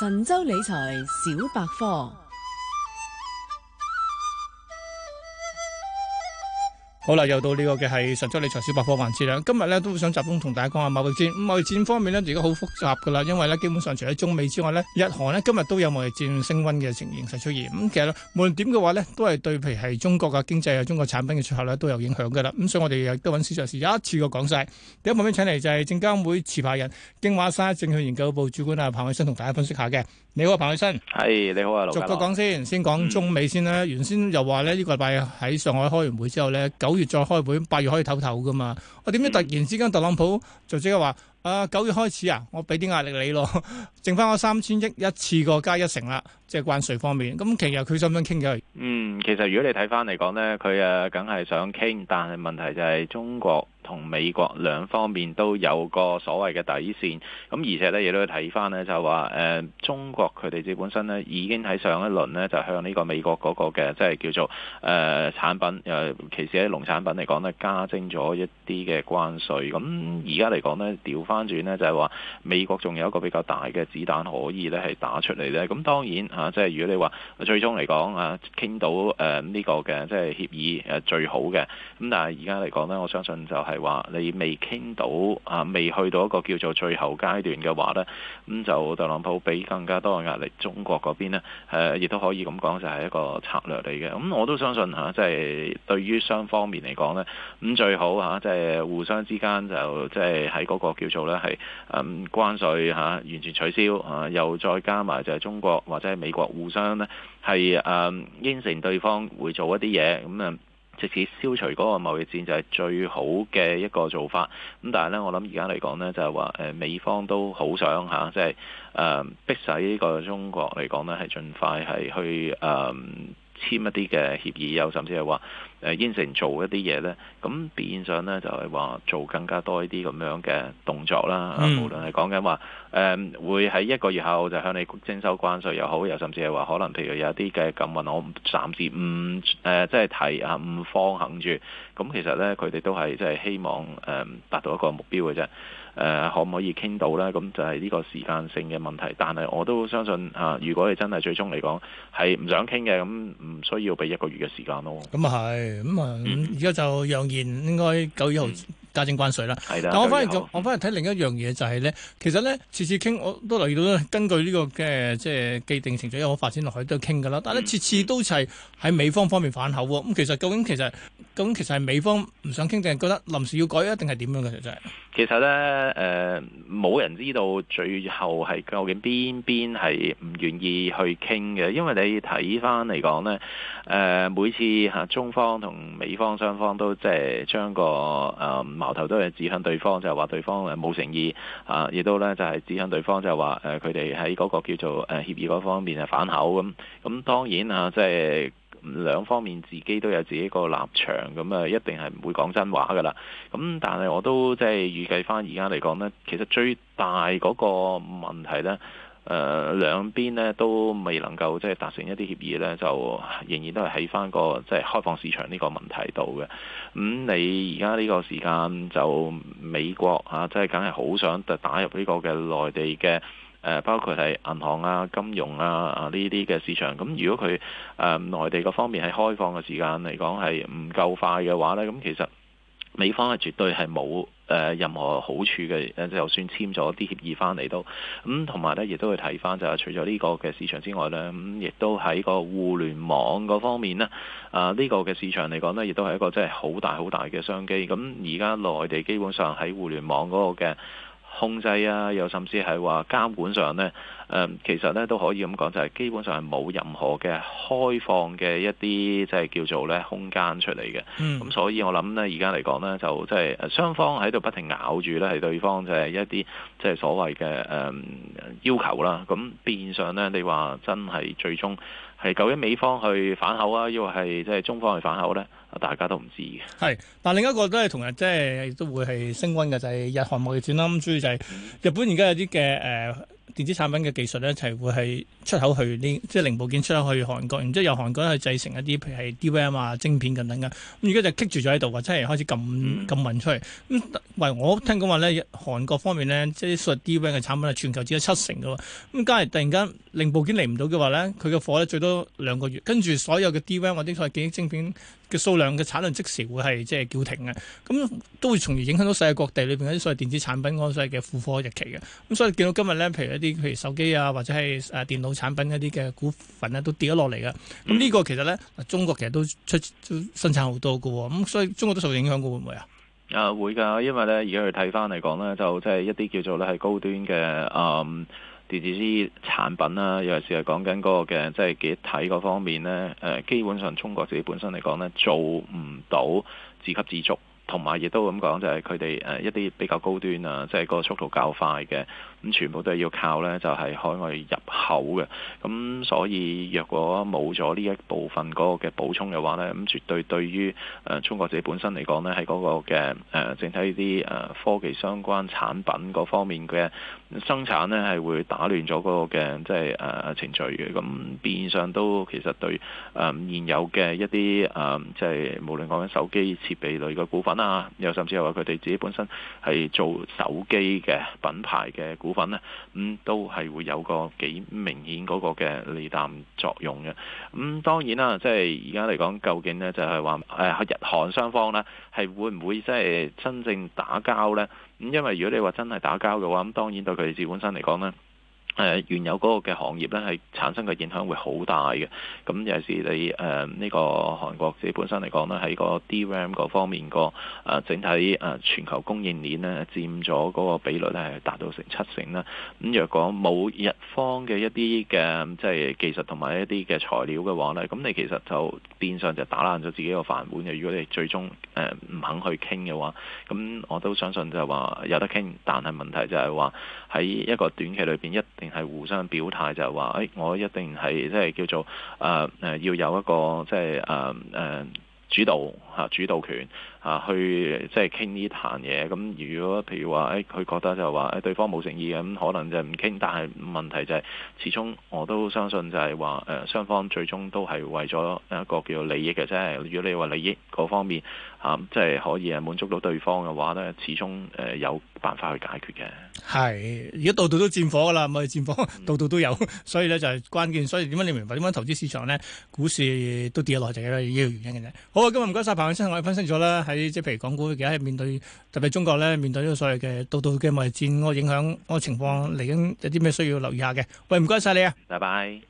神州理財小百科。好啦，又到呢、這個嘅係神州理財小百科環節啦。今日咧都想集中同大家講下貿易戰。咁貿易戰方面咧，而家好複雜噶啦，因為咧基本上除咗中美之外咧，日韓咧今日都有貿易戰升温嘅情形勢出現。咁、嗯、其實咧，無論點嘅話咧，都係對譬如係中國嘅經濟啊、中國產品嘅出口咧都有影響噶啦。咁、嗯、所以我哋亦都揾市場人士一次過講晒。第一部分請嚟就係證監會持牌人京華山一證券研究部主管啊彭偉新同大家分析下嘅。你好，彭偉新。係，你好啊，盧哥。逐個講先，先講中，、嗯、中美先啦。原先又話咧呢，呢、這個禮拜喺上海開完會之後咧，九。月再開會，八月可以唞唞噶嘛？我點知突然之間、嗯、特朗普就即刻話啊，九、呃、月開始啊，我俾啲壓力你咯，剩翻嗰三千億一次過加一成啦，即係關稅方面。咁其實佢想唔想傾嘅？嗯，其實如果你睇翻嚟講咧，佢誒梗係想傾，但係問題就係中國。同美國兩方面都有個所謂嘅底線，咁而且咧，亦都睇翻呢就係話誒、呃，中國佢哋自己本身呢已經喺上一輪呢就向呢個美國嗰個嘅即係叫做誒、呃、產品誒、呃，其實喺農產品嚟講呢，加徵咗一啲嘅關稅，咁而家嚟講呢，調翻轉呢就係話美國仲有一個比較大嘅子彈可以呢係打出嚟咧，咁當然啊，即係如果你話最終嚟講啊，傾到誒呢、呃，這個嘅即係協議誒、啊、最好嘅，咁但係而家嚟講呢，我相信就係、是。話你未傾到啊，未去到一個叫做最後階段嘅話呢，咁就特朗普俾更加多嘅壓力，中國嗰邊呢亦、啊、都可以咁講，就係、是、一個策略嚟嘅。咁我都相信嚇，即、啊、係、就是、對於雙方面嚟講呢，咁最好嚇，即、啊、係、就是、互相之間就即係喺嗰個叫做呢係誒關稅嚇、啊、完全取消啊，又再加埋就係中國或者係美國互相呢，係誒、嗯、應承對方會做一啲嘢咁啊。嗯。直接消除嗰個貿易戰就係最好嘅一個做法，咁但係呢，我諗而家嚟講呢，就係話誒美方都好想嚇，即係誒逼使呢個中國嚟講呢，係盡快係去誒簽、呃、一啲嘅協議，又甚至係話，誒應承做一啲嘢呢，咁變相呢就係話做更加多一啲咁樣嘅動作啦。無論係講緊話誒，嗯嗯、會喺一個月後就向你徵收關稅又好，又甚至係話可能譬如有啲嘅禁運，我暫時唔誒、呃、即係提啊，唔放行住。咁、嗯、其實呢，佢哋都係即係希望誒、呃、達到一個目標嘅啫。誒、呃、可唔可以傾到呢？咁、嗯、就係、是、呢個時間性嘅問題。但係我都相信嚇、啊，如果你真係最終嚟講係唔想傾嘅，咁唔需要俾一個月嘅時間咯。咁啊係。咁啊，而家就揚言應該九月號。加徵關稅啦，的但我反而我反而睇另一樣嘢就係、是、呢。其實呢，次次傾我都留意到根據呢、這個嘅、呃、即係既定程序，有冇發展落去都傾嘅啦。但係你次次都係喺美方方面反口喎。咁其實究竟其實究竟其實係美方唔想傾定係覺得臨時要改啊定係點樣嘅？其實呢，誒、呃，冇人知道最後係究竟邊邊係唔願意去傾嘅，因為你睇翻嚟講呢，誒、呃，每次嚇、啊、中方同美方雙方都即係將個誒。呃矛頭都係指向對方，就係話對方誒冇誠意啊，亦都咧就係指向對方，就係話誒佢哋喺嗰個叫做誒協議嗰方面係反口咁。咁當然啊，即係兩方面自己都有自己個立場，咁啊一定係唔會講真話噶啦。咁但係我都即係預計翻而家嚟講呢，其實最大嗰個問題呢。誒、呃、兩邊咧都未能夠即係達成一啲協議咧，就仍然都係喺翻個即係開放市場呢個問題度嘅。咁、嗯、你而家呢個時間就美國嚇、啊，即係梗係好想打入呢個嘅內地嘅誒、呃，包括係銀行啊、金融啊啊呢啲嘅市場。咁、嗯、如果佢誒、呃、內地嘅方面係開放嘅時間嚟講係唔夠快嘅話呢咁、嗯、其實。美方係絕對係冇誒任何好處嘅，誒就算簽咗啲協議翻嚟、嗯、都，咁同埋咧亦都會睇翻就係除咗呢個嘅市場之外咧，咁、嗯、亦都喺個互聯網嗰方面呢。啊、呃、呢、呢個嘅市場嚟講呢亦都係一個真係好大好大嘅商機。咁而家內地基本上喺互聯網嗰個嘅。控制啊，又甚至係話監管上咧，誒、呃、其實咧都可以咁講，就係基本上係冇任何嘅開放嘅一啲即係叫做咧空間出嚟嘅。咁、嗯嗯、所以我呢，我諗咧而家嚟講咧，就即係雙方喺度不停咬住咧，係對方就係一啲即係所謂嘅誒要求啦。咁變相咧，你話真係最終。係究竟美方去反口啊，抑或係即係中方去反口咧？啊，大家都唔知嘅。係，但另一個都係同日即係都會係升温嘅就係、是、日韓貿易戰啦。咁、嗯、主要就係日本而家有啲嘅誒。呃電子產品嘅技術咧就係會係出口去呢，即、就、係、是、零部件出口去韓國，然之後由韓國去製成一啲，譬如係 DRAM 啊晶片等等。嘅。咁而家就棘住咗喺度，或者係開始撳撳運出嚟。咁喂、嗯，我聽講話咧，韓國方面咧，即係所謂 DRAM 嘅產品啊，全球只有七成嘅喎。咁而家係突然間零部件嚟唔到嘅話咧，佢嘅貨咧最多兩個月，跟住所有嘅 DRAM 或者所謂記憶晶片嘅數量嘅產量即時會係即係叫停嘅，咁都會從而影響到世界各地裏邊嗰啲所謂電子產品嗰啲所謂嘅付貨日期嘅。咁所以見到今日咧，譬如一啲譬如手機啊，或者係誒電腦產品一啲嘅股份咧，都跌咗落嚟嘅。咁呢個其實咧，中國其實都出都生產好多嘅喎，咁所以中國都受影響嘅會唔會啊？啊會㗎，因為咧而家去睇返嚟講咧，就即係一啲叫做咧係高端嘅誒。嗯電子產品啦，尤其是係講緊嗰個嘅即係幾體嗰方面呢。誒、呃、基本上中國自己本身嚟講呢，做唔到自給自足。同埋亦都咁講，就係佢哋誒一啲比較高端啊，即係個速度較快嘅，咁全部都係要靠咧，就係海外入口嘅。咁所以若果冇咗呢一部分嗰個嘅補充嘅話咧，咁絕對對於誒中國自己本身嚟講咧，係嗰個嘅誒整體啲誒科技相關產品嗰方面嘅生產咧，係會打亂咗嗰個嘅即係誒程序嘅。咁變相都其實對誒現有嘅一啲誒即係無論講緊手機設備類嘅股份。啊，又甚至係話佢哋自己本身係做手機嘅品牌嘅股份呢，咁、嗯、都係會有個幾明顯嗰個嘅利淡作用嘅。咁、嗯、當然啦，即係而家嚟講，究竟呢就係、是、話，誒、哎、日韓雙方呢係會唔會即係真正打交呢？咁、嗯、因為如果你話真係打交嘅話，咁、嗯、當然對佢哋自本身嚟講呢。誒原有嗰個嘅行業咧，係產生嘅影響會好大嘅。咁尤其是你誒呢、呃呢個韓國自己本身嚟講咧，喺個 DRAM 個方面個誒、呃、整體誒、呃、全球供應鏈咧，佔咗嗰個比率咧係達到成七成啦。咁若果冇日方嘅一啲嘅即係技術同埋一啲嘅材料嘅話咧，咁你其實就變相就打爛咗自己個飯碗嘅。如果你最終誒唔、呃、肯去傾嘅話，咁我都相信就係話有得傾，但係問題就係話喺一個短期裏邊一定係互相表態，就係話：“誒，我一定係即係叫做誒誒、呃，要有一個即係誒誒，主導。”主導權啊，去即係傾呢壇嘢。咁如果譬如話，誒、哎，佢覺得就話誒、哎，對方冇誠意咁、嗯，可能就唔傾。但係問題就係、是，始終我都相信就係、是、話，誒、呃，雙方最終都係為咗一個叫利益嘅啫。如果你話利益嗰方面啊，即係可以啊，滿足到對方嘅話呢，始終誒、呃、有辦法去解決嘅。係，而家度度都戰火㗎啦，咪戰火度度都有。嗯、呵呵所以呢就係關鍵。所以點解你明白點解投資市場呢，股市都跌落嚟嘅咧？呢個原因嘅啫。好啊，今日唔該晒。我哋分析咗啦，喺即係譬如港股而家係面對，特別中國咧面對呢個所謂嘅道道嘅貿易戰嗰個影響嗰個情況嚟緊，有啲咩需要留意下嘅？喂，唔該晒你啊！拜拜。